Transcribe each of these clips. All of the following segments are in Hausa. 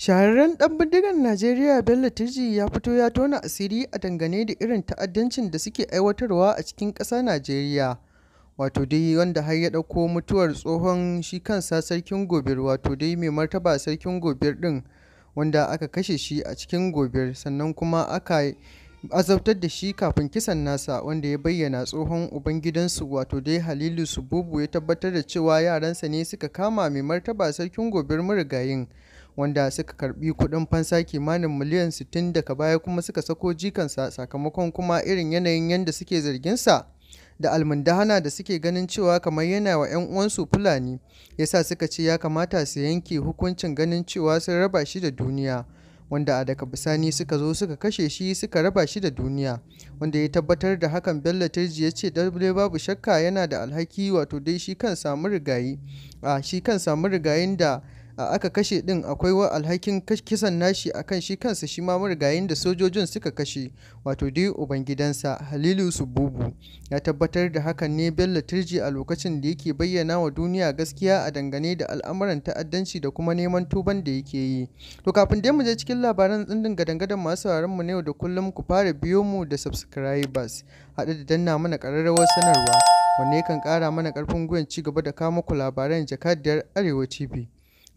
Shahararren ɗan bindigar Najeriya Bello Turji ya fito ya tona asiri a dangane da irin ta'addancin da suke aiwatarwa a cikin ƙasa Najeriya, wato dai wanda har ya ɗauko mutuwar tsohon shi kansa sarkin Gobir wato dai mai martaba sarkin Gobir ɗin wanda aka kashe shi a cikin Gobir sannan kuma aka azabtar da shi kafin kisan nasa wanda ya bayyana tsohon ubangidansu wato dai Halilu Sububu ya tabbatar da cewa yaransa ne suka kama mai martaba sarkin Gobir murigayin. wanda suka karbi kudin fansa kimanin miliyan 60 daga baya kuma suka sako jikansa sakamakon kuma irin yanayin yadda suke zarginsa da almundahana da suke ganin cewa kamar yana wa 'yan uwansu fulani yasa suka ce ya kamata su yanke hukuncin ganin cewa sun raba shi da duniya wanda a daga bisani suka zo suka kashe shi suka raba shi da duniya wanda ya tabbatar da hakan bello tirji ya ce dole babu shakka yana da alhaki wato dai shi kan samu rigayi a shi kan samu rigayin da a aka kashe din akwai wa alhakin kisan nashi a kan shi kansa shi ma marigayin da sojojin suka kashe wato dai ubangidansa halilu sububu ya tabbatar da hakan ne bello turji a lokacin da yake bayyana wa duniya gaskiya a dangane da al'amuran ta'addanci da kuma neman tuban da yake yi to kafin dai mu je cikin labaran tsindin gadangadan masu sauraron mu na yau da kullum ku fara biyo mu da subscribers haɗu da danna mana ƙararrawar sanarwa wanne kan ƙara mana ƙarfin gwiwan ci gaba da kawo ku labaran jakadiyar arewa tv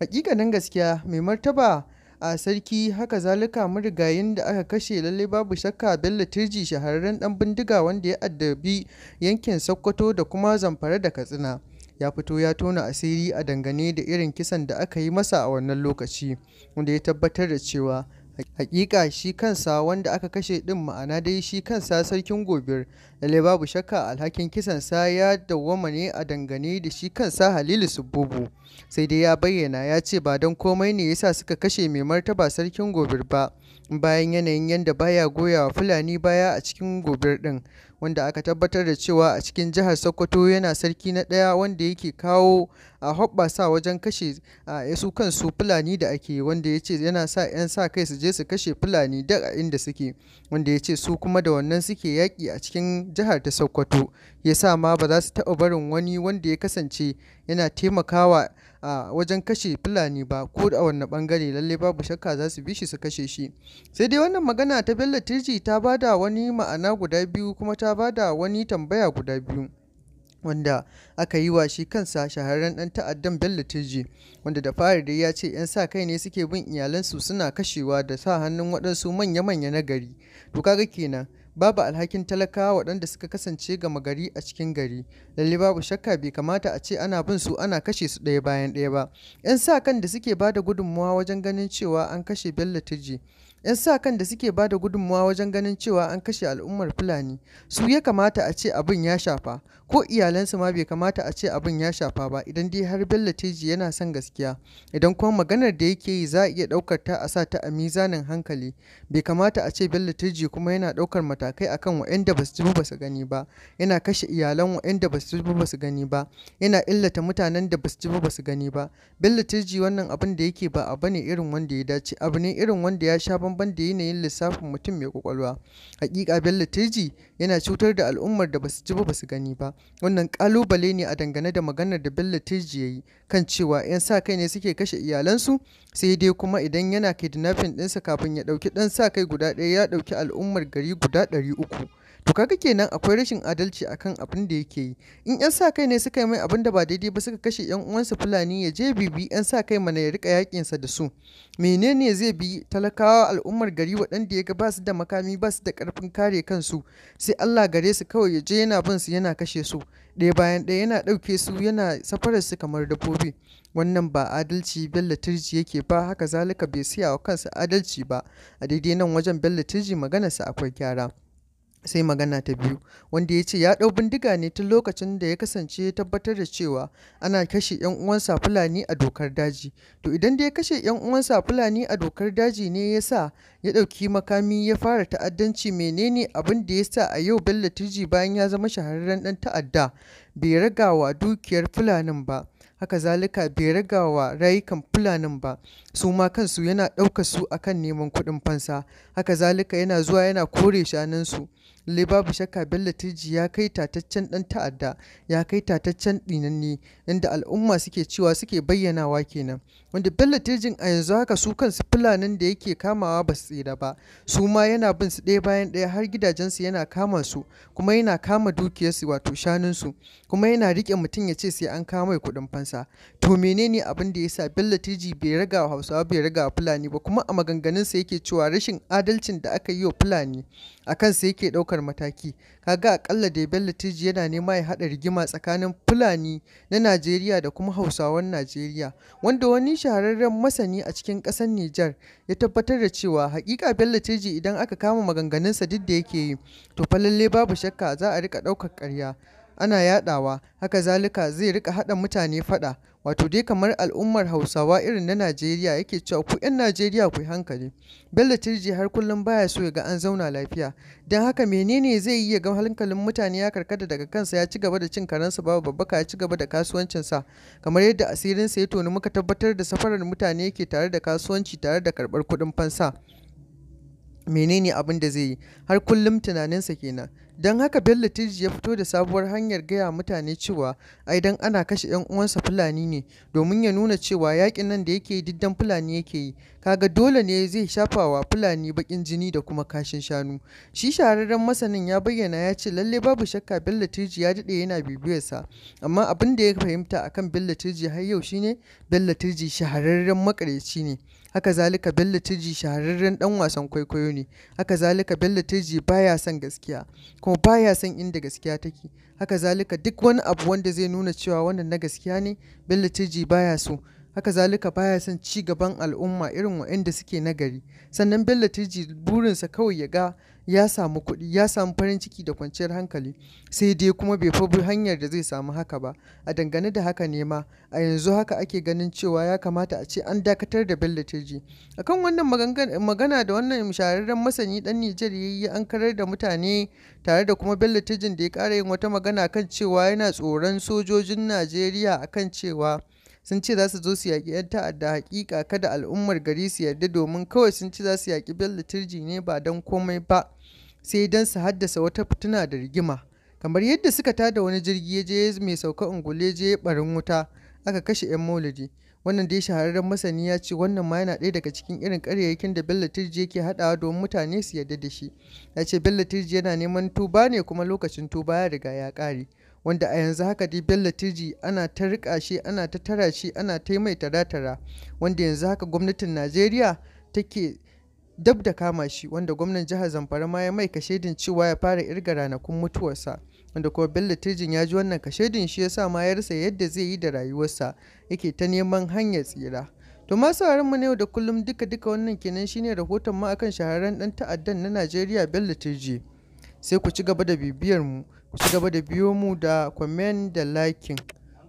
hakikanin gaskiya mai martaba a sarki haka zalika marigayin da aka kashe lallai babu shakka bello turji shahararren dan bindiga wanda ya addabi yankin sokoto da kuma zamfara da katsina ya fito ya tona asiri a dangane da irin kisan da aka yi masa a wannan lokaci wanda ya tabbatar da cewa Hakika shi kansa wanda aka kashe ɗin ma'ana dai shi kansa sarkin gobir lalle babu shakka alhakin kisan sa ya dawwama ne a dangane da shi kansa Halilu Subbubu sai dai ya bayyana ya ce ba don komai ne yasa suka kashe mai martaba sarkin gobir ba bayan yanayin yadda baya goya wa Fulani baya a cikin gobir ɗin wanda aka tabbatar da cewa a cikin jihar Sokoto yana sarki na ɗaya wanda yake kawo a hoɓɓasa wajen kashe a su kansu Fulani da ake wanda ya ce yana sa 'yan sa kai su je su kashe Fulani da a inda suke wanda ya ce su kuma da wannan suke yaƙi a cikin jihar ta Sokoto ya sa ma ba za su taɓa barin wani wanda ya kasance yana taimakawa a wajen kashe Fulani ba ko a wanne bangare lallai babu shakka za su bi shi su kashe shi sai dai wannan magana ta Bello Tirji ta bada wani ma'ana guda biyu kuma ta bada wani tambaya guda biyu wanda aka yi wa shi kansa shahararren dan ta'addan Bello Tirji wanda da fari dai ya ce 'yan sa kai ne suke bin iyalansu suna kashewa da sa hannun waɗansu manya-manya na gari to kaga kenan babu alhakin talakawa waɗanda suka kasance gama gari a cikin gari lalle babu shakka bai kamata a ce ana bin su ana kashe su ɗaya bayan ɗaya ba 'yan sa kan da suke ba da gudunmawa wajen ganin cewa an kashe bello turji 'Yan sa kan da suke bada da gudunmawa wajen ganin cewa an kashe al'ummar Fulani su ya kamata a ce abin ya shafa ko iyalansu ma bai kamata a ce abin ya shafa ba idan dai har Bello Teji yana son gaskiya idan kuma maganar da yake yi za a iya ɗaukar ta a sa ta a mizanin hankali bai kamata a ce Bello Teji kuma yana ɗaukar matakai akan waɗanda ba su ji ba su gani ba yana kashe iyalan waɗanda ba su ji ba su gani ba yana illata mutanen da ba su ji ba su gani ba Bello Teji wannan abin da yake ba abu ne irin wanda ya dace abu ne irin wanda ya sha bamban da yanayin lissafin mutum mai kwakwalwa Haƙiƙa Bello teji yana cutar da al'ummar da basu ji ba basu gani ba. Wannan kalubale ne a dangane da maganar da Bello teji ya yi kan cewa 'yan sa kai ne suke kashe iyalansu sai dai kuma idan yana kidnapping ɗinsa kafin ya ɗauki ɗan sa kai guda ɗaya ya ɗauki al'ummar gari guda ɗari uku. To kaga kenan akwai rashin adalci akan abin da yake yi. In 'yan sa kai ne suka yi mai abin da ba daidai ba suka kashe 'yan uwansa Fulani ya je bibi 'yan sa kai mana ya rika yakin sa da su. Menene zai bi talakawa al'ummar gari waɗanda ya ga basu da makami basu da ƙarfin kare kansu sai Allah gare su kawai ya je yana bin su yana kashe su. Ɗaya bayan ɗaya yana ɗauke su yana safarar su kamar dabbobi. Wannan ba adalci Bello Turji yake ba haka zalika bai siya wa kansa adalci ba. A daidai nan wajen Bello Turji maganarsa akwai gyara. sai magana ta biyu wanda ya ce ya ɗau bindiga ne tun lokacin da ya kasance ya tabbatar da cewa ana kashe 'yan uwansa fulani a dokar daji to idan da ya kashe 'yan uwansa fulani a dokar daji ne ya sa ya ɗauki makami ya fara ta'addanci menene abin da ya sa a yau bello turji bayan ya zama shahararren ɗan ta'adda bai ragawa dukiyar fulanin ba haka zalika bai ragawa rayukan fulanin ba su ma kansu yana ɗaukar su akan neman kuɗin fansa haka zalika yana zuwa yana kore shanunsu libabu babu shakka Bello Tiji ya kai tataccen ɗan ta'adda ya kai tataccen ɗinanne inda al'umma suke cewa suke bayyanawa kenan wanda Bello Tijin a yanzu haka su kansu fulanin da yake kamawa ba su tsira ba su ma yana bin su ɗaya bayan ɗaya har gidajensu yana kama su kuma yana kama dukiyarsu wato shanunsu kuma yana riƙe mutum ya ce sai an kama kuɗin fansa to menene abin da yasa Bello Tiji bai raga Hausawa bai raga Fulani ba kuma a maganganunsa yake cewa rashin adalcin da aka yi wa Fulani akan sa yake ɗauka ɗaukar mataki. kaga akalla aƙalla dai Bello tiji yana nema ya haɗa rigima tsakanin Fulani na Najeriya da kuma Hausawan Najeriya, wanda wani shahararren masani a cikin ƙasar Nijar ya tabbatar da cewa haƙiƙa Bello tiji idan aka kama maganganunsa duk da yake yi, to fa lallai babu shakka za a riƙa ɗaukar ƙarya. ana yaɗawa, haka zalika zai rika haɗa mutane faɗa, wato dai kamar al'ummar Hausawa irin na Najeriya yake cewa ku 'yan Najeriya ku hankali. Bello tirji har kullum baya so ya ga an zauna lafiya, don haka menene zai yi ya ga hankalin mutane ya karkata daga kansa ya ci gaba da cin karensa babu babbaka ya ci gaba da kasuwancinsa, kamar yadda asirin asirinsa ya toni muka tabbatar da safarar mutane yake tare da kasuwanci tare da karbar kuɗin fansa. menene abin da zai yi har kullum tunaninsa kenan don haka bello tiji ya fito da sabuwar hanyar gaya mutane cewa ai ana kashe yan uwansa fulani ne domin ya nuna cewa yakin nan da yake yi diddan fulani yake yi kaga dole ne zai shafawa fulani bakin jini da kuma kashin shanu shi shahararren masanin ya bayyana ya ce lalle babu shakka bello tiji ya dade yana bibiyarsa amma abin da ya fahimta akan bello tiji har yau shine bello tiji shahararren makareci ne haka zalika bello Tiji shahararren dan wasan kwaikwayo ne haka zalika bello Tiji baya son gaskiya kuma baya son inda gaskiya take haka zalika duk wani abu wanda zai nuna cewa wannan na gaskiya ne bello Tiji baya so haka zalika baya son ci gaban al'umma irin waɗanda suke nagari sannan bello tirji burinsa kawai ya ga ya samu kuɗi ya samu farin ciki da kwanciyar hankali sai dai kuma bai fi hanyar da zai samu haka ba a dangane da haka ne ma a yanzu haka ake ganin cewa ya kamata a ce an dakatar da bello tirji. akan wannan magana da wannan shahararren masani dan nijar ya yi an karar da mutane tare da kuma bello tirjin da ya kara yin wata magana kan cewa yana tsoron sojojin najeriya akan cewa sun ce za su zo su yaƙi 'yan ta'adda hakika kada al'ummar gari su yarda domin kawai sun ce za su yaƙi bello turji ne ba don komai ba sai don su haddasa wata fituna da rigima kamar yadda suka tada wani jirgi ya je mai sauka ungule je barin wuta aka kashe 'yan maulidi wannan dai shahararren masani ya ce wannan ma yana ɗaya daga cikin irin ƙaryayyakin da bello turji yake haɗawa domin mutane su yarda da shi ya ce bello turji yana neman tuba ne kuma lokacin tuba ya riga ya ƙare wanda a yanzu haka dai Bello Turji ana ta rika shi ana ta tara shi ana ta mai tara wanda yanzu haka gwamnatin Najeriya take dab da kama shi wanda gwamnan jihar Zamfara ma ya mai kashedin cewa ya fara irga ranakun mutuwarsa wanda kuma Bello Turjin ya ji wannan kashedin shi yasa ma ya rasa yadda zai yi da rayuwarsa yake ta neman hanyar tsira. To ma sauran mu yau da kullum duka duka wannan kenan shine rahoton mu akan shahararren dan ta'addan na Najeriya Bello Turji. Sai ku ci gaba da bibiyar mu ku ci gaba da biyo mu da comment da liking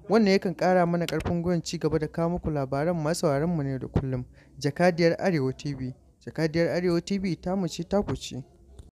wannan yakan ƙara mana ƙarfin gwiwar ci gaba da kawo muku labaran masu mu ne da kullum jakadiyar arewa tv jakadiyar arewa tv ta mu ce ta ku ce